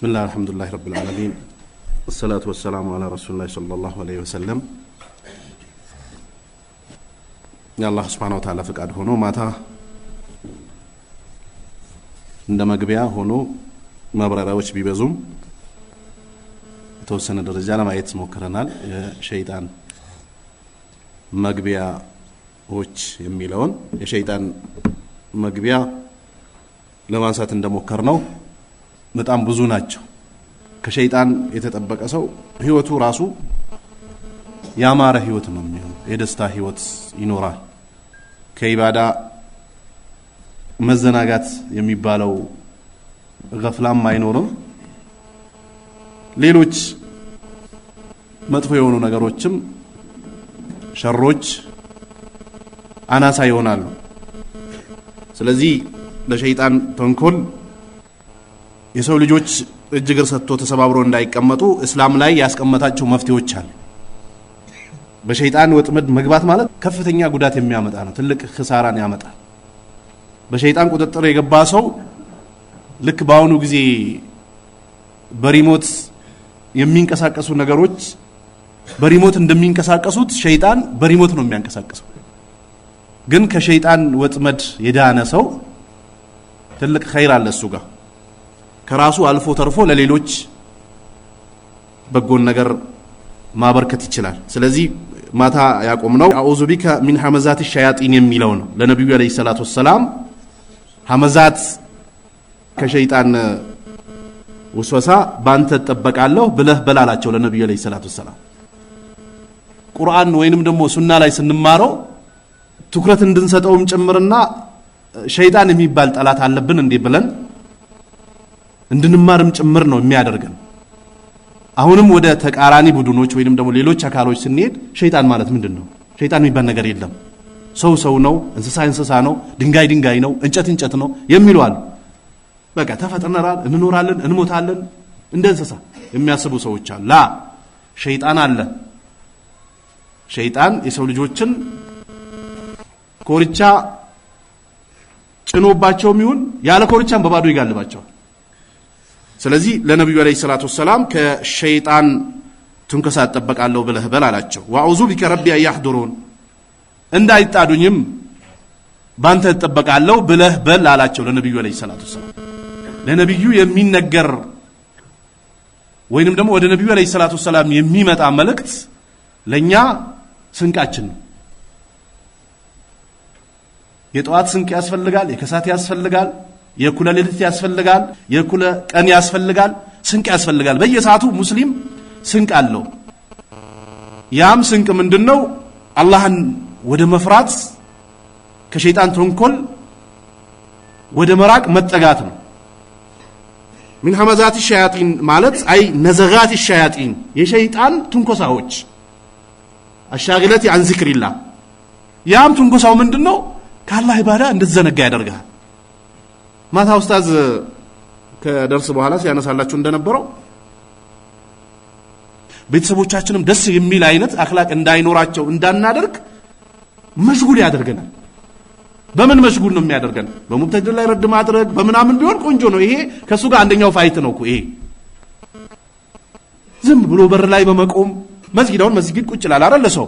بسم الله الحمد لله رب العالمين والصلاة والسلام على رسول الله صلى الله عليه وسلم የአላህ ስብሓን ወተላ ፈቃድ ሆኖ ማታ እንደ መግቢያ ሆኖ ማብራሪያዎች ቢበዙም የተወሰነ ደረጃ ለማየት ሞክረናል የሸይጣን መግቢያዎች የሚለውን የሸይጣን መግቢያ ለማንሳት እንደሞከር ነው በጣም ብዙ ናቸው። ከሸይጣን የተጠበቀ ሰው ህይወቱ ራሱ ያማረ ህይወት ነው የሚሆን፣ የደስታ ህይወት ይኖራል። ከኢባዳ መዘናጋት የሚባለው ገፍላም አይኖርም። ሌሎች መጥፎ የሆኑ ነገሮችም ሸሮች አናሳ ይሆናሉ። ስለዚህ ለሸይጣን ተንኮል የሰው ልጆች እጅ እግር ሰጥቶ ተሰባብሮ እንዳይቀመጡ እስላም ላይ ያስቀመጣቸው መፍትሄዎች አሉ። በሸይጣን ወጥመድ መግባት ማለት ከፍተኛ ጉዳት የሚያመጣ ነው። ትልቅ ክሳራን ያመጣል። በሸይጣን ቁጥጥር የገባ ሰው ልክ በአሁኑ ጊዜ በሪሞት የሚንቀሳቀሱ ነገሮች በሪሞት እንደሚንቀሳቀሱት ሸይጣን በሪሞት ነው የሚያንቀሳቀሰው። ግን ከሸይጣን ወጥመድ የዳነ ሰው ትልቅ ኸይር አለ እሱ ጋር ከራሱ አልፎ ተርፎ ለሌሎች በጎን ነገር ማበርከት ይችላል። ስለዚህ ማታ ነው አዑዙ ቢከ ሚን ሐመዛት ሸያጢን የሚለው ነው። ለነቢዩ ዓለይሂ ሰላቱ ወሰላም ሐመዛት ከሸይጣን ውስወሳ በአንተ እጠበቃለሁ ብለህ በላላቸው ለነቢዩ ዓለይሂ ሰላቱ ወሰላም። ቁርአን ወይንም ደግሞ ሱና ላይ ስንማረው ትኩረት እንድንሰጠውም ጭምርና ሸይጣን የሚባል ጠላት አለብን እንዴ ብለን እንድንማርም ጭምር ነው የሚያደርገን። አሁንም ወደ ተቃራኒ ቡድኖች ወይንም ደግሞ ሌሎች አካሎች ስንሄድ ሸይጣን ማለት ምንድን ነው? ሸይጣን የሚባል ነገር የለም። ሰው ሰው ነው፣ እንስሳ እንስሳ ነው፣ ድንጋይ ድንጋይ ነው፣ እንጨት እንጨት ነው የሚሉ አሉ። በቃ ተፈጥረናል፣ እንኖራለን፣ እንሞታለን እንደ እንስሳ የሚያስቡ ሰዎች አሉ። ላ ሸይጣን አለ። ሸይጣን የሰው ልጆችን ኮርቻ ጭኖባቸውም ይሁን ያለ ኮርቻም በባዶ ይጋልባቸዋል። ስለዚህ ለነቢዩ ዓለይሂ ሰላቱ ወሰላም ከሸይጣን ትንከሳ እጠበቃለሁ ብለህ በል አላቸው። ወአዑዙ ቢከ ረቢ አያሕዱሩን እንዳይጣዱኝም ባንተ እጠበቃለሁ ብለህ በል አላቸው። ለነቢዩ ዓለይሂ ሰላቱ ወሰላም ለነቢዩ የሚነገር ወይንም ደግሞ ወደ ነቢዩ ዓለይሂ ሰላቱ ወሰላም የሚመጣ መልእክት ለእኛ ስንቃችን ነው። የጠዋት ስንቅ ያስፈልጋል፣ የከሳት ያስፈልጋል የኩለ ሌሊት ያስፈልጋል፣ የኩለ ቀን ያስፈልጋል፣ ስንቅ ያስፈልጋል። በየሰዓቱ ሙስሊም ስንቅ አለው። ያም ስንቅ ምንድን ነው? አላህን ወደ መፍራት ከሸይጣን ተንኮል ወደ መራቅ መጠጋት ነው። ሚን ሐመዛት ሸያጢን ማለት አይ ነዘጋት ሸያጢን የሸይጣን ትንኮሳዎች አሻግለት አንዚክሪላ ያም ትንኮሳው ምንድን ነው? ከአላህ ኢባዳ እንድትዘነጋ ያደርጋል። ማታ ኡስታዝ ከደርስ በኋላ ሲያነሳላችሁ እንደነበረው ቤተሰቦቻችንም ደስ የሚል አይነት አክላቅ እንዳይኖራቸው እንዳናደርግ መሽጉል ያደርገናል። በምን መሽጉል ነው የሚያደርገን? በሙብተድር ላይ ረድ ማድረግ በምናምን ቢሆን ቆንጆ ነው። ይሄ ከእሱ ጋር አንደኛው ፋይት ነው እኮ ይሄ ዝም ብሎ በር ላይ በመቆም መስጊዳውን መስጊድ ቁጭ ላል አረለ ሰው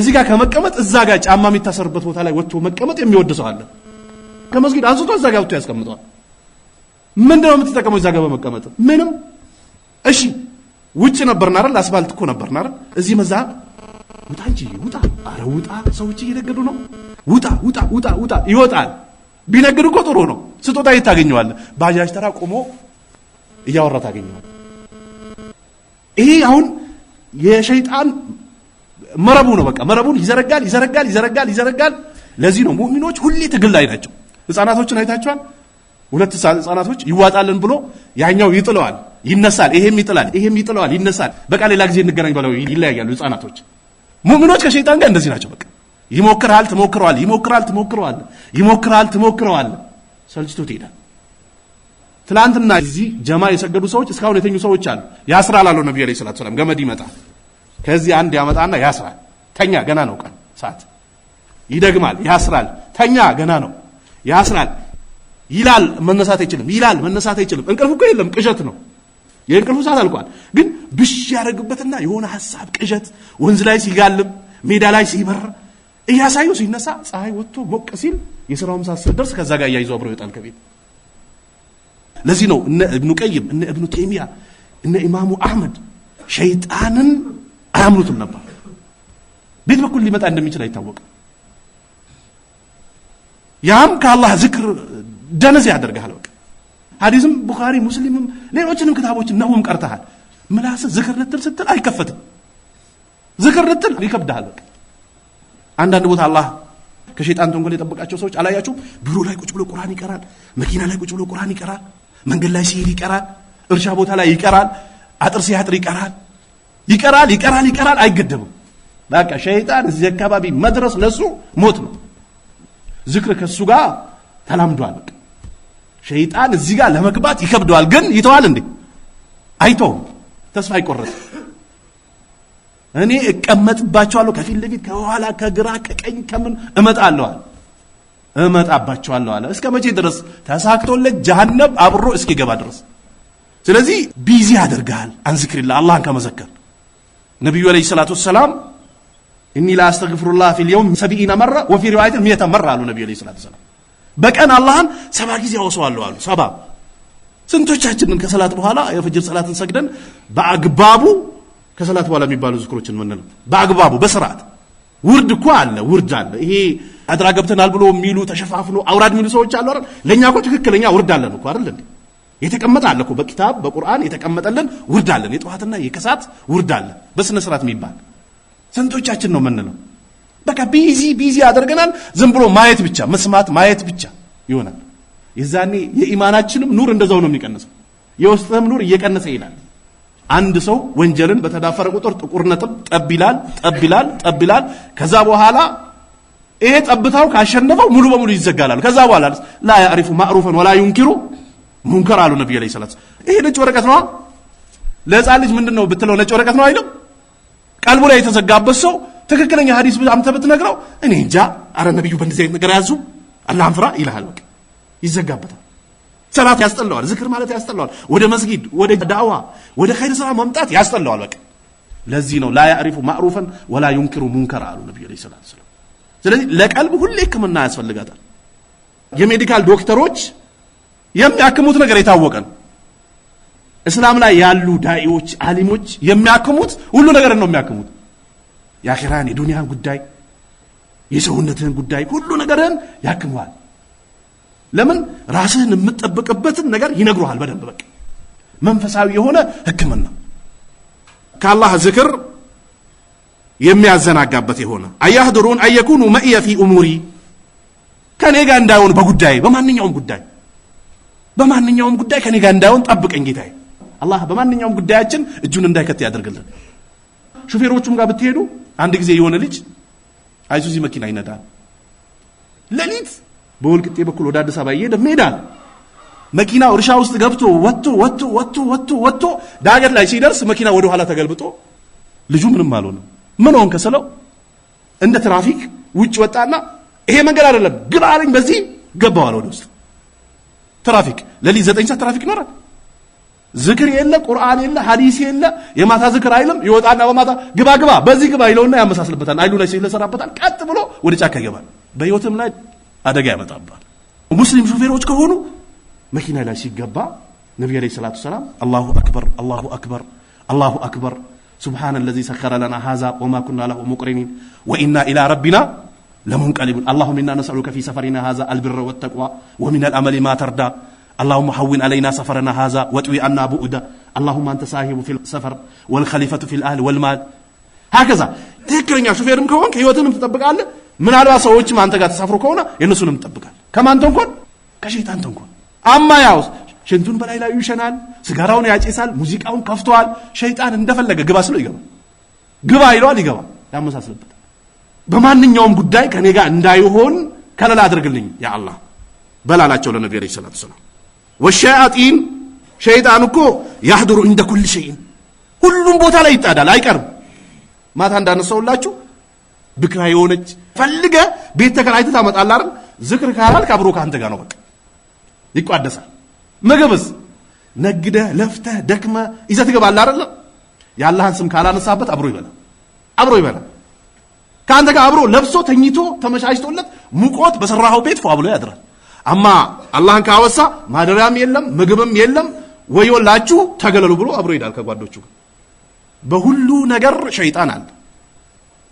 እዚህ ጋር ከመቀመጥ እዛ ጋር ጫማ የሚታሰርበት ቦታ ላይ ወጥቶ መቀመጥ የሚወድ ሰው አለ። ከመስጊድ አንስቶ እዛ ጋር ብቶ ያስቀምጠዋል። ምንድነው ነው የምትጠቀመው እዛ ጋር በመቀመጥ? ምንም። እሺ ውጭ ነበርና አይደል? አስፋልት እኮ ነበርና አይደል? እዚህ መዛ ውጣ እንጂ ውጣ፣ አረ ውጣ፣ ሰዎች እየነገዱ ነው፣ ውጣ፣ ውጣ፣ ውጣ፣ ውጣ። ይወጣል። ቢነግድ እኮ ጥሩ ነው። ስጦታ የት ታገኘዋለህ? ባጃጅ ተራ ቆሞ እያወራ ታገኘዋለህ። ይሄ አሁን የሸይጣን መረቡ ነው። በቃ መረቡን ይዘረጋል፣ ይዘረጋል፣ ይዘረጋል፣ ይዘረጋል። ለዚህ ነው ሙእሚኖች ሁሌ ትግል ላይ ናቸው። ህፃናቶችን አይታችኋል። ሁለት ህፃናቶች ይዋጣልን ብሎ ያኛው ይጥለዋል፣ ይነሳል፣ ይሄም ይጥላል፣ ይሄም ይጥለዋል፣ ይነሳል። በቃ ሌላ ጊዜ እንገናኝ ብለው ይለያያሉ ህፃናቶች። ሙእሚኖች ከሸይጣን ጋር እንደዚህ ናቸው። በቃ ይሞክራል፣ ትሞክረዋል፣ ይሞክራል፣ ትሞክረዋል፣ ይሞክራል፣ ትሞክረዋል፣ ሰልችቶት ትሄዳል። ትላንትና እዚህ ጀማ የሰገዱ ሰዎች እስካሁን የተኙ ሰዎች አሉ። ያስራል አለው ነቢ ዓለይሂ ሰላቱ ሰላም። ገመድ ይመጣል ከዚህ አንድ ያመጣና ያስራል። ተኛ ገና ነው ቀን ሰዓት። ይደግማል፣ ያስራል፣ ተኛ ገና ነው ያስራል ይላል መነሳት አይችልም ይላል መነሳት አይችልም። እንቅልፍ እኮ የለም ቅዠት ነው። የእንቅልፉ ሰዓት አልቋል። ግን ብሽ ያደርግበትና የሆነ ሀሳብ ቅዠት ወንዝ ላይ ሲጋልብ ሜዳ ላይ ሲበር እያሳዩ ሲነሳ ፀሐይ ወጥቶ ሞቅ ሲል የስራው ምሳ ስደርስ ከዛ ጋር እያይዞ አብሮ ይወጣል ከቤት። ለዚህ ነው እነ እብኑ ቀይም እነ እብኑ ቴሚያ እነ ኢማሙ አህመድ ሸይጣንን አያምኑትም ነበር። ቤት በኩል ሊመጣ እንደሚችል አይታወቅም። ያም ከአላህ ዝክር ደነዝ ያደርግሃል። በቃ ሐዲስም ቡኻሪ ሙስሊምም ሌሎችንም ክታቦችን ነውም ቀርተሃል። ምላስ ዝክር ልትል ስትል አይከፈትም። ዝክር ልትል ይከብድሃል። በቃ አንዳንድ ቦታ አላህ ከሸይጣን ተንኮል የጠበቃቸው ሰዎች አላያቸው ቢሮ ላይ ቁጭ ብሎ ቁርአን ይቀራል፣ መኪና ላይ ቁጭ ብሎ ቁርአን ይቀራል፣ መንገድ ላይ ሲሄድ ይቀራል፣ እርሻ ቦታ ላይ ይቀራል፣ አጥር ሲያጥር ይቀራል፣ ይቀራል፣ ይቀራል፣ ይቀራል፣ አይገደብም። በቃ ሸይጣን እዚህ አካባቢ መድረስ ለሱ ሞት ነው። ዝክር ከሱ ጋር ተላምዷል። ሸይጣን እዚህ ጋር ለመግባት ይከብደዋል። ግን ይተዋል እንዴ? አይተውም። ተስፋ አይቆረጥ እኔ እቀመጥባቸዋለሁ፣ ከፊት ለፊት፣ ከኋላ፣ ከግራ፣ ከቀኝ፣ ከምን እመጣለዋል እመጣባቸዋለሁ አለ። እስከ መቼ ድረስ ተሳክቶለት ጀሃነም አብሮ እስኪገባ ድረስ። ስለዚህ ቢዚ ያደርግሃል። አንዝክሪላ አላህን ከመዘከር ነቢዩ ዓለይሂ ሰላቱ ወሰላም እኒ ላአስተግፍሩላህ ፊል የውም ሰቢኢና መራ ወፊ ሪዋየትን ሚየተ መራ አሉ ነቢዩ ዐለይሂ ሰላቱ ወሰላም። በቀን አላህን ሰባ ጊዜ አወሰዋለሁ አሉ። ሰባ ስንቶቻችንን ከሰላት በኋላ የፈጅር ሰላትን ሰግደን በአግባቡ ከሰላት በኋላ የሚባሉ ዝክሮችን ምንለው በአግባቡ በስርዓት ውርድ እኮ አለ፣ ውርድ አለ። ይሄ አድራ ገብተናል ብሎ የሚሉ ተሸፋፍኖ አውራድ የሚሉ ሰዎች አሉ አይደል? ለእኛ እኮ ትክክለኛ ውርድ አለን እኮ አይደል? የተቀመጠ አለ እኮ በኪታብ በቁርአን የተቀመጠልን ውርድ አለን። የጠዋትና የከሳት ውርድ አለ በስነ ስርዓት የሚባል ስንቶቻችን ነው የምንለው? በቃ ቢዚ ቢዚ አድርገናል። ዝም ብሎ ማየት ብቻ መስማት ማየት ብቻ ይሆናል። የዛኔ የኢማናችንም ኑር እንደዛው ነው የሚቀንሰው፣ የውስጥህም ኑር እየቀነሰ ይላል። አንድ ሰው ወንጀልን በተዳፈረ ቁጥር ጥቁር ጠብ ይላል፣ ጠብ ይላል፣ ጠብ ይላል። ከዛ በኋላ ይሄ ጠብታው ካሸነፈው ሙሉ በሙሉ ይዘጋላሉ። ከዛ በኋላ ላ ያዕሪፉ ማዕሩፈን ወላ ዩንኪሩ ሙንከር አሉ ነቢዩ ዐለይሂ ሰላም። ይሄ ነጭ ወረቀት ነዋ። ለህፃን ልጅ ምንድን ነው ብትለው ነጭ ወረቀት ነው አይልም። ቀልቡ ላይ የተዘጋበት ሰው ትክክለኛ ሀዲስ አንተ ብትነግረው እኔ እንጃ፣ አረ ነቢዩ በእንደዚህ አይነት ነገር ያዙ አላህን ፍራ ይልሃል። በቃ ይዘጋበታል። ሰላት ያስጠላዋል፣ ዝክር ማለት ያስጠላዋል፣ ወደ መስጊድ፣ ወደ ዳዋ፣ ወደ ኸይር ስራ መምጣት ያስጠላዋል። በቃ ለዚህ ነው ላ ያዕሪፉ ማዕሩፈን ወላ ዩንኪሩ ሙንከር አሉ ነቢዩ ዐለይሂ ሰላቱ ወሰላም። ስለዚህ ለቀልብ ሁሌ ህክምና ያስፈልጋታል። የሜዲካል ዶክተሮች የሚያክሙት ነገር የታወቀ ነው። እስላም ላይ ያሉ ዳኢዎች፣ አሊሞች የሚያክሙት ሁሉ ነገር ነው የሚያክሙት። የአኼራን የዱንያን ጉዳይ የሰውነትህን ጉዳይ ሁሉ ነገርህን ያክመዋል። ለምን ራስህን የምጠብቅበትን ነገር ይነግሩሃል በደንብ በቃ መንፈሳዊ የሆነ ህክምና ከአላህ ዝክር የሚያዘናጋበት የሆነ አያህድሩን አየኩኑ መእየ ፊ እሙሪ ከኔ ጋር እንዳይሆን በጉዳይ በማንኛውም ጉዳይ በማንኛውም ጉዳይ ከኔ ጋር እንዳይሆን ጠብቀኝ ጌታዬ አላህ በማንኛውም ጉዳያችን እጁን እንዳይከት ያደርግልን። ሹፌሮቹም ጋር ብትሄዱ አንድ ጊዜ የሆነ ልጅ አይሱዚ መኪና ይነዳል። ሌሊት በወልቅጤ በኩል ወደ አዲስ አበባ እየሄደ ሜዳ ነው መኪናው እርሻ ውስጥ ገብቶ ወጥቶ ወጥቶ ወጥቶ ወጥቶ ወጥቶ ዳገት ላይ ሲደርስ መኪና ወደ ኋላ ተገልብጦ ልጁ ምንም አልሆነም። ምን ሆንክ ስለው እንደ ትራፊክ ውጭ ወጣና ይሄ መንገድ አይደለም ግባ አለኝ። በዚህ ገባዋል ወደ ውስጥ ትራፊክ። ሌሊት ዘጠኝ ሰዓት ትራፊክ ይኖራል። ዝክር የለ ቁርአን የለ ሐዲስ የለ የማታ ዝክር አይልም። ይወጣና በማታ ግባ ግባ በዚህ ግባ ይለውና ያመሳስልበታል። አይሉ ላይ ይሰራበታል። ቀጥ ብሎ ወደ ጫካ ይገባል። በህይወትም ላይ አደጋ ያመጣባል። ሙስሊም ሾፌሮች ከሆኑ መኪና ላይ ሲገባ ነቢዩ ዓለይሂ ሰላቱ ሰላም አላሁ አክበር አላሁ አክበር አላሁ አክበር ሱብሓነ ለዚ ሰኸረ ለና ሃዛ ወማ ኩና ለሁ ሙቅሪኒን ወኢና ኢላ ረቢና ለሙንቀሊቡን አላሁም ኢና ነስአሉከ ፊ ሰፈሪና ሃዛ አልብረ ወተቅዋ ወሚነል አመሊ ማ ተርዳ اللهم حون علينا سفرنا هذا واطوي عنا بؤدا اللهم أنت صاحب في السفر والخليفة في الأهل والمال هكذا ትክክለኛ ሹፌርም ከሆንክ ህይወትንም ትጠብቃለህ ምናልባት ሰዎችም አንተ ጋር ተሳፍሮ ከሆነ የእነሱንም ትጠብቃለህ ከማን ተንኮን ከሸይጣን ተንኮን አማ ያው ሽንቱን በላይ ላይ ይሸናል ስጋራውን ያጨሳል ሙዚቃውን ከፍተዋል ሸይጣን እንደፈለገ ግባ ስለው ይገባል ግባ ይለዋል ይገባል ያመሳስልበታል በማንኛውም ጉዳይ ከኔ ጋር እንዳይሆን ከለላ አድርግልኝ ያ አላህ በላላቸው ለነቢዩ ዐለይሂ ሰላቱ ሰላም ወሸያጢን ሸይጣን እኮ ያህድሩ እንደ ኩል ሸይን ሁሉም ቦታ ላይ ይጣዳል፣ አይቀርም። ማታ እንዳነሳውላችሁ ብክራ የሆነች ፈልገ ቤት ተከራይተ ታመጣላርን ዝክር ካላል ካብሮ ከአንተ ጋር ነው፣ በቃ ይቋደሳል። ምግብስ ነግደ ለፍተ ደክመ ይዘት ትገባለህ አይደለ? የአላህን ስም ካላነሳበት አብሮ ይበላል፣ አብሮ ይበላል። ከአንተ ጋር አብሮ ለብሶ ተኝቶ ተመቻችቶለት ሙቆት በሰራኸው ቤት ፏ ብሎ ያድራል። አማ አላህን ካወሳ ማደሪያም የለም ምግብም የለም ወዮላችሁ ተገለሉ ብሎ አብሮ ይሄዳል ከጓዶቹ በሁሉ ነገር ሸይጣን አለ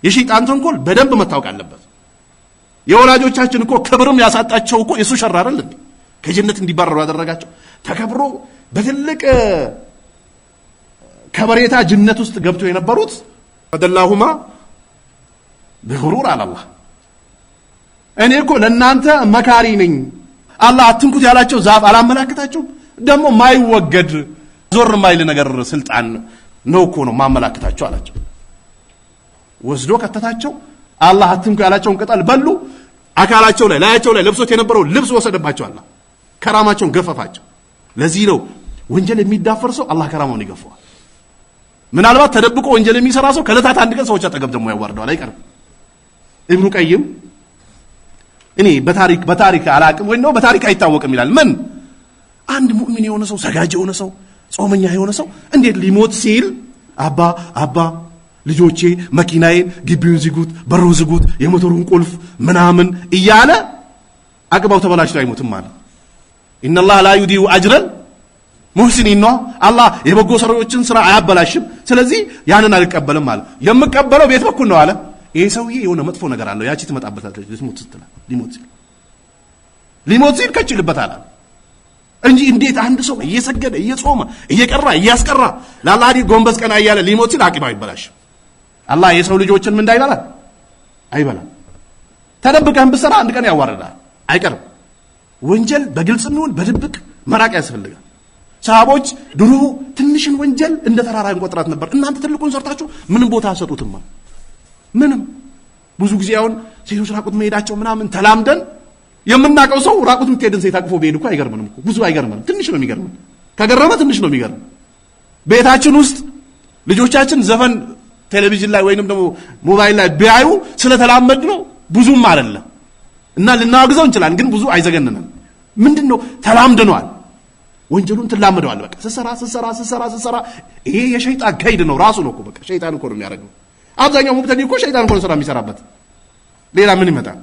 የሸይጣን ተንኮል በደንብ መታወቅ አለበት የወላጆቻችን እኮ ክብርም ያሳጣቸው እኮ የሱ ሸር አይደል እንዴ ከጀነት እንዲባረሩ ያደረጋቸው ተከብሮ በትልቅ ከበሬታ ጅነት ውስጥ ገብተው የነበሩት ወደላሁማ ብሁሩር አላህ እኔ እኮ ለእናንተ መካሪ ነኝ አላህ አትንኩት ያላቸው ዛፍ አላመላክታችሁም? ደግሞ ማይወገድ ዞር ማይል ነገር ስልጣን ነው እኮ ነው ማመላክታቸው አላቸው። ወስዶ ከተታቸው። አላህ አትንኩ ያላቸውን ቅጠል በሉ። አካላቸው ላይ ላያቸው ላይ ለብሶት የነበረው ልብስ ወሰደባቸው። አላህ ከራማቸውን ገፈፋቸው። ለዚህ ነው ወንጀል የሚዳፈር ሰው አላህ ከራማውን ይገፈዋል። ምናልባት ተደብቆ ወንጀል የሚሰራ ሰው ከለታት አንድ ቀን ሰዎች አጠገብ ደግሞ ያዋርደዋል፣ አይቀርም። ኢብኑ ቀይም እኔ በታሪክ በታሪክ አላቅም ወይ ነው በታሪክ አይታወቅም ይላል። ምን አንድ ሙእሚን የሆነ ሰው ሰጋጅ የሆነ ሰው ጾመኛ የሆነ ሰው እንዴት ሊሞት ሲል አባ አባ ልጆቼ መኪናዬን ግቢውን ዝጉት፣ በሩን ዝጉት፣ የሞተሩን ቁልፍ ምናምን እያለ አቅባው ተበላሽቶ አይሞትም ማለት ኢነላህ ላ ዩዲኡ አጅረል ሙህሲኒን ነው። አላህ የበጎ ሰሪዎችን ስራ አያበላሽም። ስለዚህ ያንን አልቀበልም ማለት የምቀበለው ቤት በኩል ነው አለ ይሄ ሰውዬ የሆነ መጥፎ ነገር አለው፣ ያቺ ትመጣበታለች ሊሞት ስትል ሊሞት ሲል ከች ይልበታል እንጂ እንዴት አንድ ሰው እየሰገደ እየጾመ እየቀራ እያስቀራ ላላዲ ጎንበስ ቀና እያለ ሊሞት ሲል አቂማ ይበላሽ አላህ የሰው ልጆችን ምን እንዳይበላ አይበላም። ተደብቀህም ብትሰራ አንድ ቀን ያዋርዳል አይቀርም። ወንጀል በግልጽ ይሁን በድብቅ መራቅ ያስፈልጋል። ሰሃቦች ድሮ ትንሽን ወንጀል እንደ ተራራ እንቆጥራት ነበር። እናንተ ትልቁን ሰርታችሁ ምንም ቦታ አሰጡትማ። ምንም ብዙ ጊዜ አሁን ሴቶች ራቁት መሄዳቸው ምናምን ተላምደን የምናውቀው ሰው ራቁት የምትሄድን ሴት አቅፎ ቢሄድ እኮ አይገርምንም እኮ ብዙ አይገርምንም። ትንሽ ነው የሚገርመን፣ ከገረመ ትንሽ ነው የሚገርመን። ቤታችን ውስጥ ልጆቻችን ዘፈን ቴሌቪዥን ላይ ወይንም ደግሞ ሞባይል ላይ ቢያዩ ስለተላመድ ነው ብዙም አይደለም እና ልናወግዘው እንችላለን፣ ግን ብዙ አይዘገንንም። ምንድን ነው ተላምድነዋል። ወንጀሉን ትላመደዋል በቃ ስሰራ ስሰራ ስሰራ ስሰራ ይሄ የሸይጣን ከይድ ነው ራሱ ነው እኮ በቃ ሸይጣን እኮ ነው የሚያደርገው። አብዛኛው ሙብተዲ እኮ ሸይጣን እኮ ስራ የሚሰራበት። ሌላ ምን ይመጣል?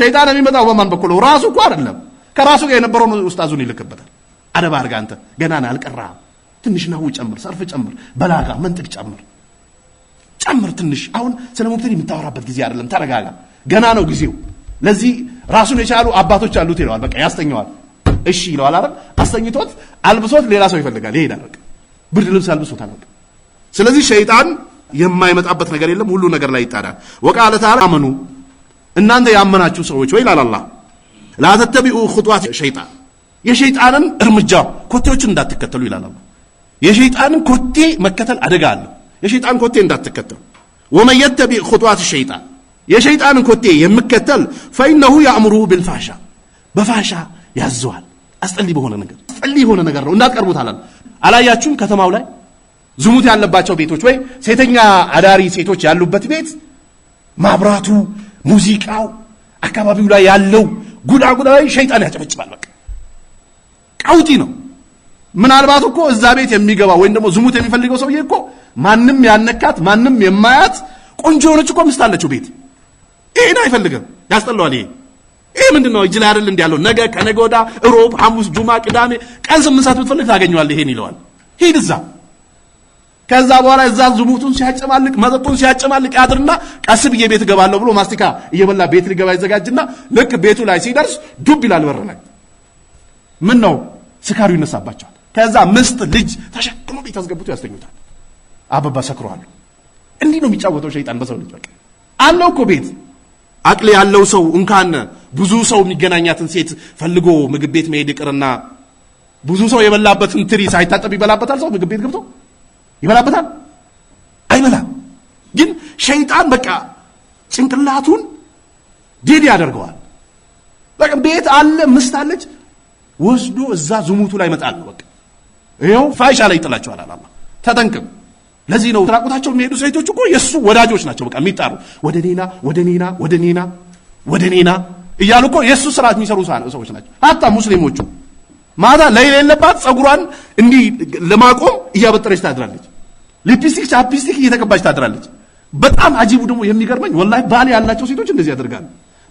ሸይጣን የሚመጣው በማን በኩል? ራሱ እኮ አይደለም ከራሱ ጋር የነበረውን ኡስታዙን ይልክበታል። አደብ አድርጋ አንተ ገና ነህ አልቀራህም፣ ትንሽ ነው ጨምር፣ ሰርፍ ጨምር፣ በላጋ መንጥቅ ጨምር ጨምር ትንሽ። አሁን ስለ ሙብተዲ የምታወራበት ጊዜ አይደለም፣ ተረጋጋ፣ ገና ነው ጊዜው። ለዚህ ራሱን የቻሉ አባቶች አሉት ይለዋል። በቃ ያስተኛዋል። እሺ ይለዋል አይደል? አስተኝቶት አልብሶት ሌላ ሰው ይፈልጋል፣ ይሄዳል። በቃ ብርድ ልብስ አልብሶታል። ስለዚህ ሸይጣን የማይመጣበት ነገር የለም። ሁሉ ነገር ላይ ይጣዳል። ወቃለ ተዓላ አመኑ እናንተ ያመናችሁ ሰዎች ወይ ይላል አላህ ላተተቢኡ ኹጥዋት ሸይጣን የሸይጣንን እርምጃ ኮቴዎችን እንዳትከተሉ ይላል አላህ። የሸይጣንን ኮቴ መከተል አደጋ አለው። የሸይጣን ኮቴ እንዳትከተሉ ወመን የተቢዕ ኹጥዋት ሸይጣን የሸይጣንን ኮቴ የሚከተል ፈኢነሁ ያእምሩ ብልፋሻ በፋሻ ያዘዋል። አስጠሊ በሆነ ነገር አስጠሊ የሆነ ነገር ነው። እንዳትቀርቡት አላል አላያችሁም ከተማው ላይ ዝሙት ያለባቸው ቤቶች ወይም ሴተኛ አዳሪ ሴቶች ያሉበት ቤት ማብራቱ፣ ሙዚቃው፣ አካባቢው ላይ ያለው ጉዳጉዳይ ሸይጣን ያጨበጭባል። በቃ ቀውጢ ነው። ምናልባት እኮ እዛ ቤት የሚገባ ወይም ደግሞ ዝሙት የሚፈልገው ሰውዬ እኮ ማንም ያነካት ማንም የማያት ቆንጆ የሆነች እኮ ሚስት አለችው ቤት። ይሄን አይፈልግም፣ ያስጠላዋል። ይሄ ይሄ ምንድን ነው? እጅ ላይ አይደል እንዲ ያለው ነገ ከነገ ወዲያ፣ ሮብ፣ ሐሙስ፣ ጁማ፣ ቅዳሜ ቀን ስምንት ሰዓት ብትፈልግ ታገኘዋለህ። ይሄን ይለዋል፣ ሂድ እዛ ከዛ በኋላ እዛ ዝሙቱን ሲያጨማልቅ መጠጡን ሲያጨማልቅ ያድርና ቀስ ብዬ ቤት እገባለሁ ብሎ ማስቲካ እየበላ ቤት ሊገባ ይዘጋጅና ልክ ቤቱ ላይ ሲደርስ ዱብ ይላል በር ላይ። ምን ነው ስካሪው ይነሳባቸዋል። ከዛ ምስት ልጅ ተሸክሞ ቤት አስገብቶ ያስተኙታል። አበባ ሰክሯል። እንዲህ ነው የሚጫወተው ሸይጣን በሰው ልጅ። በቃ አለው እኮ ቤት አቅል ያለው ሰው እንኳን ብዙ ሰው የሚገናኛትን ሴት ፈልጎ ምግብ ቤት መሄድ ይቅርና ብዙ ሰው የበላበትን ትሪ ሳይታጠብ ይበላበታል ሰው ምግብ ቤት ገብቶ ይበላበታል አይበላም። ግን ሸይጣን በቃ ጭንቅላቱን ዴድ ያደርገዋል። በቃ ቤት አለ ምስት አለች ወስዶ እዛ ዝሙቱ ላይ መጣል ነው። በቃ ይኸው ፋይሻ ላይ ይጥላቸዋል። አላ ተጠንቅም። ለዚህ ነው ራቁታቸው የሚሄዱ ሴቶች እኮ የእሱ ወዳጆች ናቸው። በቃ የሚጣሩ ወደ ኔና ወደ ኔና ወደ ኔና ወደ ኔና እያሉ እኮ የእሱ ስርዓት የሚሰሩ ሰዎች ናቸው። ሀታ ሙስሊሞቹ ማታ ለይል የለባት ፀጉሯን እንዲህ ለማቆም እያበጠረች ታድራለች። ሊፕስቲክ ቻፕስቲክ እየተቀባች ታድራለች። በጣም አጂቡ ደግሞ የሚገርመኝ ወላሂ ባል ያላቸው ሴቶች እንደዚህ ያደርጋሉ።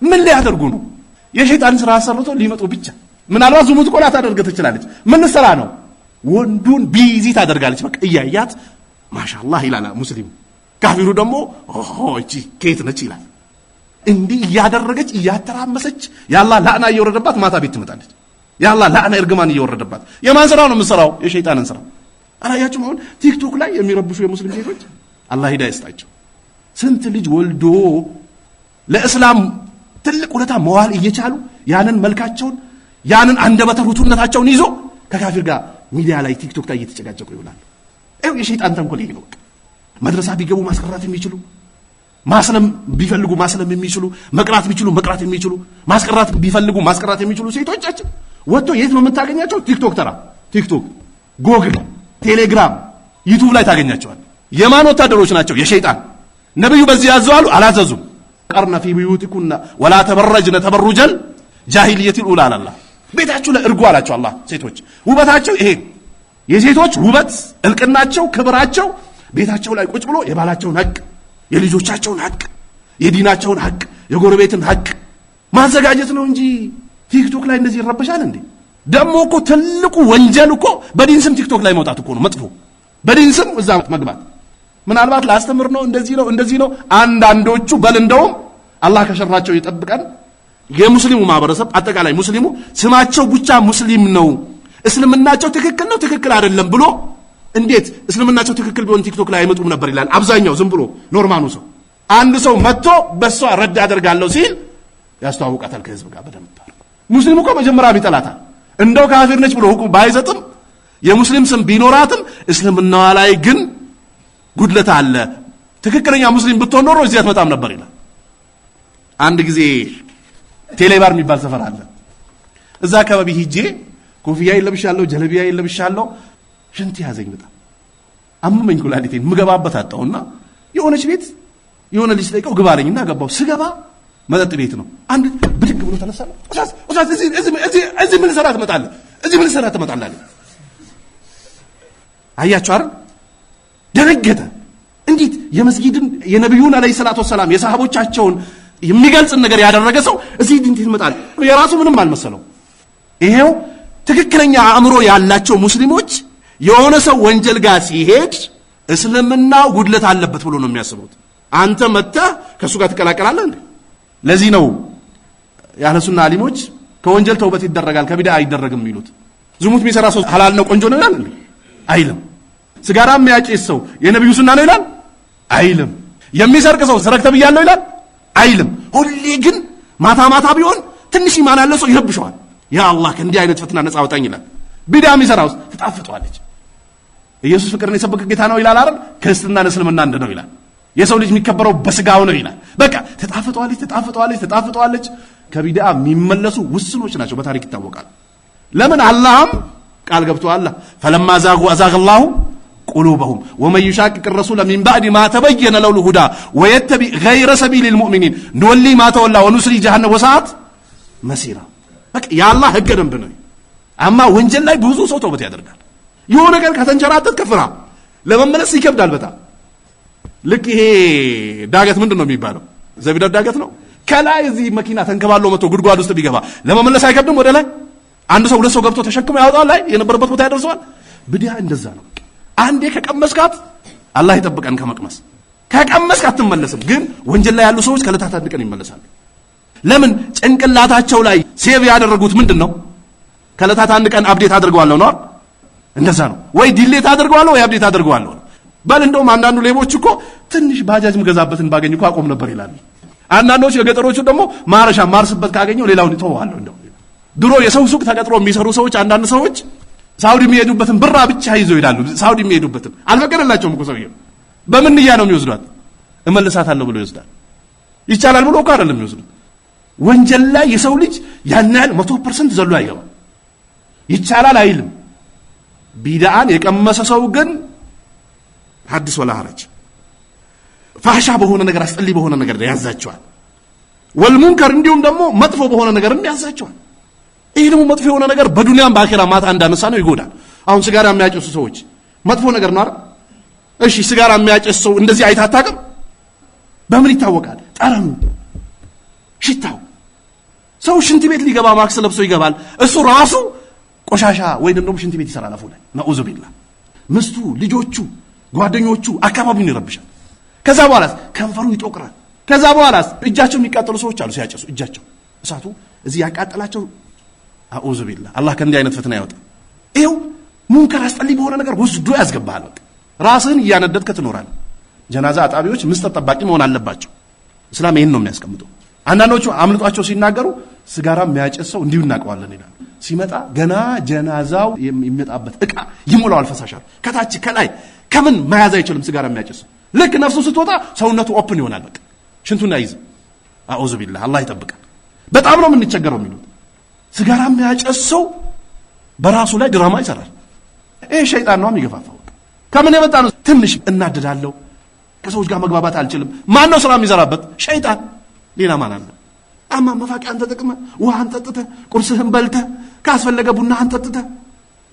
ምን ላይ ያደርጉ ነው? የሸይጣን ስራ አሰርቶ ሊመጡ ብቻ። ምናልባት ዝሙት ቆላ ላታደርግ ትችላለች። ምን ስራ ነው? ወንዱን ቢዚ ታደርጋለች። በቃ እያያት ማሻላህ ይላል ሙስሊሙ። ካፊሩ ደግሞ እቺ ከየት ነች ይላል። እንዲህ እያደረገች እያተራመሰች ያላ ላዕና እየወረደባት ማታ ቤት ትመጣለች። ያላ ላዕና እርግማን እየወረደባት የማን ስራ ነው የምሰራው የሸይጣንን ስራ አላያችሁም? አሁን ቲክቶክ ላይ የሚረብሹ የሙስሊም ሴቶች አላህ ሂዳ ይስጣቸው። ስንት ልጅ ወልዶ ለእስላም ትልቅ ውለታ መዋል እየቻሉ ያንን መልካቸውን ያንን አንደበተ ርቱዕነታቸውን ይዞ ከካፊር ጋር ሚዲያ ላይ ቲክቶክ ላይ እየተጨጋጨቁ ይውላሉ። ይኸው የሸይጣን ተንኮል ይሄ ነው። መድረሳ ቢገቡ ማስቀራት የሚችሉ ማስለም ቢፈልጉ ማስለም የሚችሉ መቅራት ቢችሉ መቅራት የሚችሉ ማስቀራት ቢፈልጉ ማስቀራት የሚችሉ ሴቶቻችን ወጥቶ የት ነው የምታገኛቸው? ቲክቶክ ተራ ቲክቶክ ጎግል ቴሌግራም፣ ዩቱብ ላይ ታገኛቸዋል። የማን ወታደሮች ናቸው? የሸይጣን ነብዩ በዚህ ያዘው አላዘዙም። ቀርነ ፊ ቢዩቲኩና ወላ ተበረጅነ ተበሩጀን ጃሂልየት ኡላ አላላ ቤታችሁ ላይ እርጉ አላቸው። አላ ሴቶች ውበታቸው ይሄ የሴቶች ውበት እልቅናቸው፣ ክብራቸው ቤታቸው ላይ ቁጭ ብሎ የባላቸውን ሀቅ፣ የልጆቻቸውን ሀቅ፣ የዲናቸውን ሀቅ፣ የጎረቤትን ሀቅ ማዘጋጀት ነው እንጂ ቲክቶክ ላይ እንደዚህ ይረበሻል እንዴ? ደሞ እኮ ትልቁ ወንጀል እኮ በዲን ስም ቲክቶክ ላይ መውጣት እኮ ነው መጥፎ። በዲን ስም እዛ መግባት ምናልባት ላስተምር ነው እንደዚህ ነው እንደዚህ ነው። አንዳንዶቹ በል እንደውም አላህ ከሸራቸው ይጠብቀን። የሙስሊሙ ማህበረሰብ አጠቃላይ ሙስሊሙ ስማቸው ብቻ ሙስሊም ነው እስልምናቸው ትክክል ነው ትክክል አይደለም ብሎ እንዴት እስልምናቸው ትክክል ቢሆን ቲክቶክ ላይ አይመጡም ነበር ይላል አብዛኛው ዝም ብሎ ኖርማኑ ሰው። አንድ ሰው መጥቶ በሷ ረድ አደርጋለሁ ሲል ያስተዋውቃታል ከህዝብ ጋር በደንብ። ሙስሊሙ እኮ መጀመሪያ ይጠላታል። እንደው ካፊር ነች ብሎ ሁኩም ባይዘጥም የሙስሊም ስም ቢኖራትም እስልምናዋ ላይ ግን ጉድለት አለ። ትክክለኛ ሙስሊም ብትሆን ኖሮ እዚህ አትመጣም ነበር ይላል። አንድ ጊዜ ቴሌባር የሚባል ሰፈር አለ። እዛ አካባቢ ሂጄ ኮፍያ ይለብሻለሁ፣ ጀለቢያ ይለብሻለሁ። ሽንት ያዘኝ፣ በጣም አመመኝ፣ ኩላሊቴን ምገባበት አጣውና የሆነች ቤት የሆነ ልጅ ጠይቀው ግባ ገባው ስገባ መጠጥ ቤት ነው። አንድ ብድግ ብሎ ተነሳለ። ኡስታዝ ኡስታዝ፣ እዚህ ምን ሰራ ትመጣለህ? እዚህ ምን ሰራ ትመጣላለህ? አያችሁ አይደል? ደነገጠ። እንዴት የመስጊድን የነቢዩን አለይሂ ሰላቱ ሰላም የሰሃቦቻቸውን የሚገልጽን ነገር ያደረገ ሰው እዚህ እንዴት ይመጣል? የራሱ ምንም አልመሰለው። ይሄው ትክክለኛ አእምሮ ያላቸው ሙስሊሞች የሆነ ሰው ወንጀል ጋር ሲሄድ እስልምና ጉድለት አለበት ብሎ ነው የሚያስቡት። አንተ መጥተህ ከእሱ ጋር ትቀላቀላለህ እንዴ? ለዚህ ነው የአህለሱና አሊሞች ከወንጀል ተውበት ይደረጋል ከቢዳ አይደረግም የሚሉት። ዝሙት የሚሰራ ሰው ሐላል ነው ቆንጆ ነው ይላል አይልም። ስጋራ የሚያጭስ ሰው የነቢዩ ሱና ነው ይላል አይልም። የሚሰርቅ ሰው ሰረቅተ ብያለሁ ይላል አይልም። ሁሌ ግን ማታ ማታ ቢሆን ትንሽ ኢማን ያለው ሰው ይረብሸዋል። ያ አላህ ከእንዲህ አይነት ፍትና ነጻ አውጣኝ ይላል። ቢዳ የሚሰራ ውስጥ ትጣፍጠዋለች። ኢየሱስ ፍቅርን የሰበከ ጌታ ነው ይላል አይደል? ክርስትናን እስልምና እንደ ነው ይላል። የሰው ልጅ የሚከበረው በስጋው ነው ይላል። በቃ ተጣፍጠዋለች ተጣፍጠዋለች ተጣፍጠዋለች። ከቢድአ የሚመለሱ ውስኖች ናቸው፣ በታሪክ ይታወቃል። ለምን አላህም ቃል ገብተዋል። ፈለማ ዛጉ አዛገ ላሁ ቁሉበሁም ወመን ዩሻቅቅ ረሱለ ሚን ባዕድ ማ ተበየነ ለሁ ልሁዳ ወየተቢዕ ገይረ ሰቢል ልሙእሚኒን ንወሊ ማ ተወላ ወኑስሊ ጀሃነም ወሰዓት መሲራ። በቃ የአላህ ህገ ደንብ ነው። አማ ወንጀል ላይ ብዙ ሰው ተውበት ያደርጋል። የሆነ ቀን ከተንቸራተት ከፍራ ለመመለስ ይከብዳል በጣም ልክ ይሄ ዳገት ምንድን ነው የሚባለው ዘቢዳው ዳገት ነው። ከላይ እዚህ መኪና ተንከባሎ መጥቶ ጉድጓድ ውስጥ ቢገባ ለመመለስ አይከብድም። ወደ ላይ አንድ ሰው ሁለት ሰው ገብቶ ተሸክሞ ያወጣው ላይ የነበረበት ቦታ ያደርሰዋል። ብዲያ እንደዛ ነው። አንዴ ከቀመስካት አላህ ይጠብቀን ከመቅመስ። ከቀመስክ አትመለስም። ግን ወንጀል ላይ ያሉ ሰዎች ከለታ አንድ ቀን ይመለሳሉ። ለምን ጭንቅላታቸው ላይ ሴቭ ያደረጉት ምንድን ነው? ከዕለታት አንድ ቀን አብዴት አድርገዋለሁ ነው። እንደዛ ነው ወይ ዲሌት አድርገዋለሁ ወይ አብዴት አድርገዋለሁ። በል እንደውም አንዳንዱ ሌቦች እኮ ትንሽ ባጃጅ ምገዛበትን ባገኝ እኮ አቆም ነበር ይላሉ። አንዳንዶች የገጠሮቹ ደግሞ ማረሻ ማርስበት ካገኘው ሌላውን ይተዋዋለሁ። እንደው ድሮ የሰው ሱቅ ተቀጥሮ የሚሰሩ ሰዎች አንዳንድ ሰዎች ሳውዲ የሚሄዱበትን ብራ ብቻ ይዘው ይሄዳሉ። ሳውዲ የሚሄዱበትን አልፈቀደላቸውም እኮ ሰውዬው። በምንያ ነው የሚወስዷት? እመልሳታለሁ ብሎ ይወስዳል። ይቻላል ብሎ እኮ አይደለም የሚወስዱት። ወንጀል ላይ የሰው ልጅ ያን ያህል መቶ ፐርሰንት ዘሎ አይገባም። ይቻላል አይልም። ቢዳአን የቀመሰ ሰው ግን ሐዲስ ወላ ሐረጅ ፋሻ በሆነ ነገር አስጠሊ በሆነ ነገር ያዛቸዋል። ወልሙንከር እንዲሁም ደግሞ መጥፎ በሆነ ነገር ያዛቸዋል። ይህ ደግሞ መጥፎ የሆነ ነገር በዱንያም በአኼራ ማታ እንዳነሳ ነው ይጎዳል። አሁን ስጋራ የሚያጨሱ ሰዎች መጥፎ ነገር ነው አይደል? እሺ ስጋራ የሚያጨስ ሰው እንደዚህ አይታታቅም። በምን ይታወቃል? ጠረኑ፣ ሽታው። ሰው ሽንት ቤት ሊገባ ማክስ ለብሶ ይገባል። እሱ ራሱ ቆሻሻ ወይንም ደግሞ ሽንት ቤት ይሰራል አፉ ላይ ነዑዙ ቢላ። ምስቱ፣ ልጆቹ፣ ጓደኞቹ አካባቢውን ይረብሻል። ከዛ በኋላስ ከንፈሩ ይጦቅራል። ከዛ በኋላስ እጃቸው የሚቃጠሉ ሰዎች አሉ። ሲያጨሱ እጃቸው እሳቱ እዚህ ያቃጠላቸው። አዑዙ ቢላ አላህ ከእንዲህ አይነት ፍትና ያወጣ። ይኸው ሙንከር አስጠሊ በሆነ ነገር ወስዶ ያስገባሃል። በቃ ራስህን እያነደድከ ትኖራል ጀናዛ አጣቢዎች ምስጢር ጠባቂ መሆን አለባቸው። እስላም ይህን ነው የሚያስቀምጠው። አንዳንዶቹ አምልጧቸው ሲናገሩ ስጋራ የሚያጨስ ሰው እንዲሁ እናውቀዋለን ይላል። ሲመጣ ገና ጀናዛው የሚመጣበት እቃ ይሞላዋል። ፈሳሻል ከታች ከላይ ከምን መያዝ አይችልም ስጋራ የሚያጨስ ሰው ልክ ነፍሱ ስትወጣ ሰውነቱ ኦፕን ይሆናል። በቃ ሽንቱን አይዝም። አዑዙ ቢላህ አላህ ይጠብቃል። በጣም ነው የምንቸገረው የሚሉት ስጋራ የሚያጨስ ሰው በራሱ ላይ ድራማ ይሰራል። ይህ ሸይጣን ነው የሚገፋፋው። ከምን የመጣ ነው? ትንሽ እናድዳለሁ፣ ከሰዎች ጋር መግባባት አልችልም። ማን ነው ስራ የሚሰራበት? ሸይጣን። ሌላ ማን አለ? አማ መፋቂያን ተጠቅመ ውሃ አንጠጥተ ቁርስህን በልተ ካስፈለገ ቡና አንጠጥተ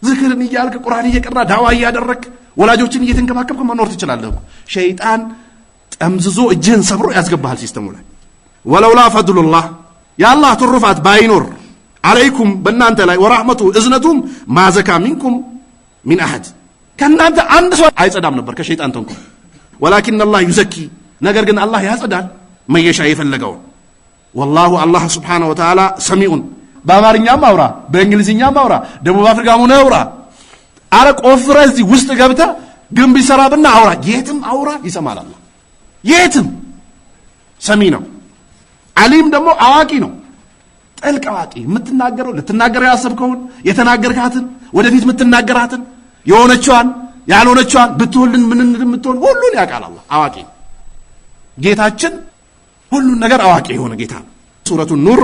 ዝክርን እያልክ ቁርአን እየቀራ ዳዋ እያደረግ ወላጆችን እየተንከባከብክ መኖር ትችላለህ። ሸይጣን ጠምዝዞ እጅህን ሰብሮ ያስገባሃል ሲስተሙ ላይ። ወለውላ ፈድሉላህ የአላህ ትሩፋት ባይኖር አለይኩም በእናንተ ላይ ወራህመቱ እዝነቱም ማዘካ ሚንኩም ሚን አሐድ ከእናንተ አንድ ሰው አይጸዳም ነበር ከሸይጣን ተንኮል። ወላኪን አላህ ዩዘኪ ነገር ግን አላህ ያጸዳል መየሻ የፈለገውን። ወላሁ አላህ ስብሓነሁ ወተዓላ ሰሚዑን በአማርኛም አውራ በእንግሊዝኛም አውራ ደቡብ አፍሪካም ሆነ አውራ አረ ቆፍረ እዚህ ውስጥ ገብተ ግንብ ይሰራብና አውራ፣ የትም አውራ ይሰማል። አላህ የትም ሰሚ ነው። አሊም ደግሞ አዋቂ ነው፣ ጥልቅ አዋቂ። የምትናገረው ልትናገረው ያሰብከውን የተናገርካትን፣ ወደፊት የምትናገራትን፣ የሆነችዋን ያልሆነችዋን፣ ብትሆልን ምን እንደምትሆን ሁሉን ያውቃል። አላህ አዋቂ ጌታችን፣ ሁሉን ነገር አዋቂ የሆነ ጌታ ሱረቱን ኑር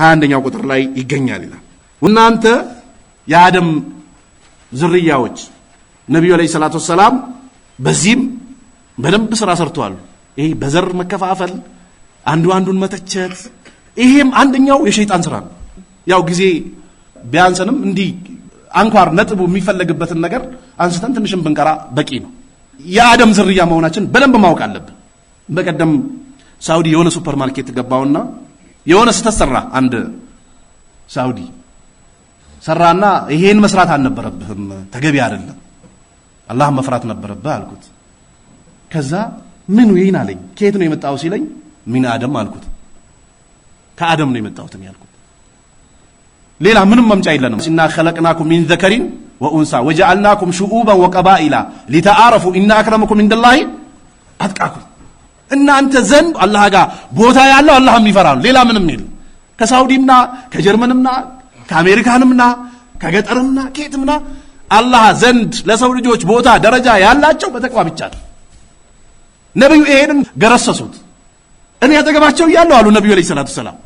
21ኛው ቁጥር ላይ ይገኛል ይላል እናንተ የአደም ዝርያዎች ነቢዩ አለይሂ ሰላት ወሰላም በዚህም በደንብ ስራ ሰርተዋል። ይህ በዘር መከፋፈል፣ አንዱ አንዱን መተቸት፣ ይሄም አንደኛው የሸይጣን ስራ ነው። ያው ጊዜ ቢያንሰንም እንዲህ አንኳር ነጥቡ የሚፈለግበትን ነገር አንስተን ትንሽም ብንቀራ በቂ ነው። የአደም ዝርያ መሆናችን በደንብ ማወቅ አለብን። በቀደም ሳውዲ የሆነ ሱፐር ማርኬት ገባውና የሆነ ስተሰራ አንድ ሳውዲ ሰራና ይሄን መስራት አልነበረብህም፣ ተገቢ አይደለም፣ አላህ መፍራት ነበረብህ አልኩት። ከዛ ምን ይህን አለኝ። ከየት ነው የመጣው ሲለኝ ሚን አደም አልኩት። ከአደም ነው የመጣሁት ያልኩት። ሌላ ምንም መምጫ የለንም። ኢና ኸለቅናኩም ሚን ዘከሪን ወኡንሳ ወጀዓልናኩም ሹዑበን ወቀባኢላ ሊተአረፉ ኢና አክረመኩም ኢንደላሂ አትቃኩም። እናንተ ዘንድ አላህ ጋር ቦታ ያለው አላህ የሚፈራ ነው። ሌላ ምንም የለም። ከሳውዲምና ከጀርመንምና ከአሜሪካንምና ከገጠርምና ከየትምና አላህ ዘንድ ለሰው ልጆች ቦታ ደረጃ ያላቸው በተቅዋ ብቻ ነው። ነቢዩ ይሄንን ገረሰሱት። እኔ አጠገባቸው እያለሁ አሉ ነቢዩ ዐለይሂ ሰላቱ ሰላም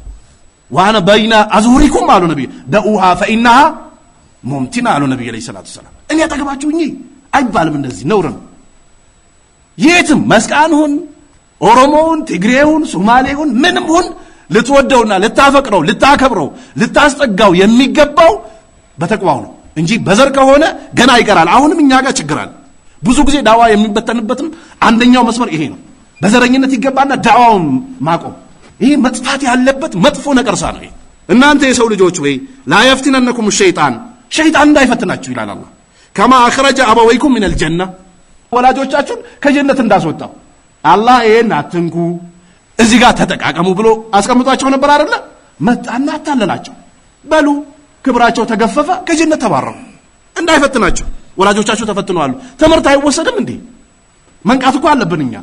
ዋነ በይና አዙሪኩም አሉ ነቢዩ ደኡሃ ፈኢናሃ ሙምቲና አሉ ነቢዩ ዐለይሂ ሰላቱ ሰላም። እኔ አጠገባቸው እኚ አይባልም። እንደዚህ ነውር ነው። የትም መስቃንሁን፣ ኦሮሞውን፣ ትግሬውን፣ ሶማሌውን ምንም ሁን ልትወደውና ልታፈቅረው ልታከብረው ልታስጠጋው የሚገባው በተቋው ነው እንጂ በዘር ከሆነ ገና ይቀራል። አሁንም እኛ ጋር ችግራል ብዙ ጊዜ ዳዋ የሚበተንበትም አንደኛው መስመር ይሄ ነው። በዘረኝነት ይገባና ዳዋውን ማቆም። ይህ መጥፋት ያለበት መጥፎ ነቀርሳ ነው። እናንተ የሰው ልጆች ወይ ላየፍትነነኩም ሸይጣን ሸይጣን እንዳይፈትናችሁ ይላል አላ ከማ አክረጀ አበወይኩም ምን ልጀና ወላጆቻችሁን ከጀነት እንዳስወጣው አላህ ይሄን አትንኩ እዚህ ጋር ተጠቃቀሙ ብሎ አስቀምጧቸው ነበር አይደለ? መጣና አታለላቸው። በሉ ክብራቸው ተገፈፈ፣ ከጀነት ተባረሩ። እንዳይፈትናቸው ወላጆቻቸው ተፈትነዋሉ። ትምህርት አይወሰድም እንዴ? መንቃት እኮ አለብን እኛ።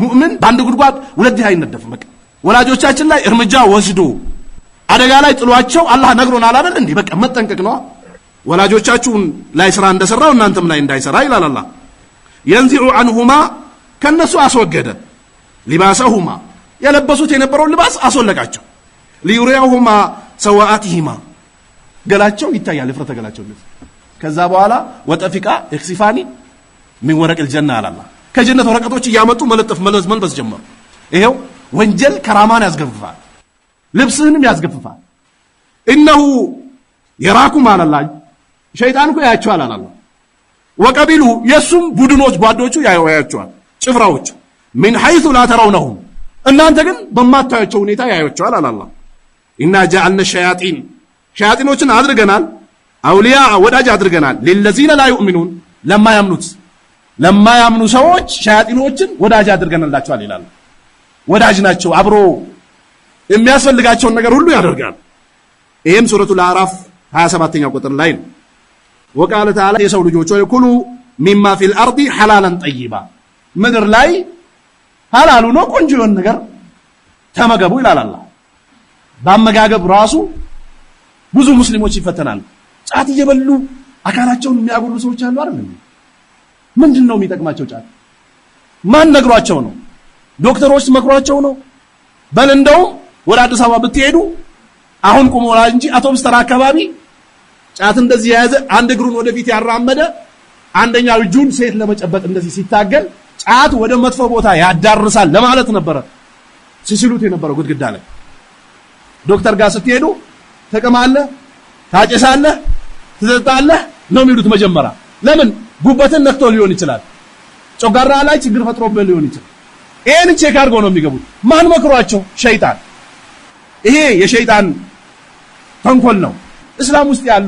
ሙእምን በአንድ ጉድጓድ ሁለት አይነደፍም። በቃ ወላጆቻችን ላይ እርምጃ ወስዶ አደጋ ላይ ጥሏቸው አላህ ነግሮናል አይደል እንዴ? በቃ መጠንቀቅ ነዋ። ወላጆቻችሁን ላይ ስራ እንደሰራው እናንተም ላይ እንዳይሰራ ይላል አላህ። የንዚዑ አንሁማ ከእነሱ አስወገደ ሊባሰሁማ የለበሱት የነበረውን ልባስ አስወለቃቸው። ሊዩሪያሁማ ሰዋአቲሂማ ገላቸው ይታያል፣ እፍረተ ገላቸው። ከዛ በኋላ ወጠፊቃ እክሲፋኒ ሚን ወረቅል ጀና አላላ ከጀነት ወረቀቶች እያመጡ መለጠፍ መልበስ ጀመሩ። ይሄው ወንጀል ከራማን ያስገፍፋል፣ ልብስህንም ያስገፍፋል። እነሁ የራኩም አላላ ሸይጣን እኮ ያያቸዋል አላላ ወቀቢሉ የእሱም ቡድኖች ጓዶቹ ያያቸዋል ጭፍራዎቹ ሚን ሐይቱ ላተረውነሁም እናንተ ግን በማታያቸው ሁኔታ ያያቸዋል። አላላ ኢና ጃአልነ ሸያጢን ሸያጢኖችን አድርገናል፣ አውሊያ ወዳጅ አድርገናል። ሊለዚነ ላ ዩእሚኑን ለማያምኑት ለማያምኑ ሰዎች ሸያጢኖችን ወዳጅ አድርገናላቸዋል ይላል። ወዳጅ ናቸው፣ አብሮ የሚያስፈልጋቸውን ነገር ሁሉ ያደርጋል። ይህም ሱረቱ ለአራፍ 27ኛ ቁጥር ላይ ነው። ወቃለ ተዓላ የሰው ልጆች ሆይ ኩሉ ሚማ ፊል አርዲ ሐላለን ጠይባ ምድር ላይ ሐላሉ ነው ቆንጆ የሆነ ነገር ተመገቡ ይላል አላህ። በአመጋገብ ራሱ ብዙ ሙስሊሞች ይፈተናሉ። ጫት እየበሉ አካላቸውን የሚያጎሉ ሰዎች አሉ አይደል? ምንድን ነው የሚጠቅማቸው ጫት? ማን ነግሯቸው ነው? ዶክተሮች መክሯቸው ነው? በል እንደውም ወደ አዲስ አበባ ብትሄዱ አሁን ቁሞላ እንጂ አውቶብስ ተራ አካባቢ ጫት እንደዚህ የያዘ አንድ እግሩን ወደፊት ያራመደ አንደኛው እጁን ሴት ለመጨበጥ እንደዚህ ሲታገል ጫት ወደ መጥፎ ቦታ ያዳርሳል ለማለት ነበረ ሲሲሉት የነበረው ግድግዳ ላይ። ዶክተር ጋር ስትሄዱ ትቅማለህ፣ ታጭሳለህ፣ ትጠጣለህ ነው የሚሉት መጀመሪያ። ለምን ጉበትን ነክቶ ሊሆን ይችላል፣ ጮጋራ ላይ ችግር ፈጥሮብን ሊሆን ይችላል። ይሄን ቼክ አድርገው ነው የሚገቡት። ማን መክሯቸው? ሸይጣን። ይሄ የሸይጣን ተንኮል ነው። እስላም ውስጥ ያሉ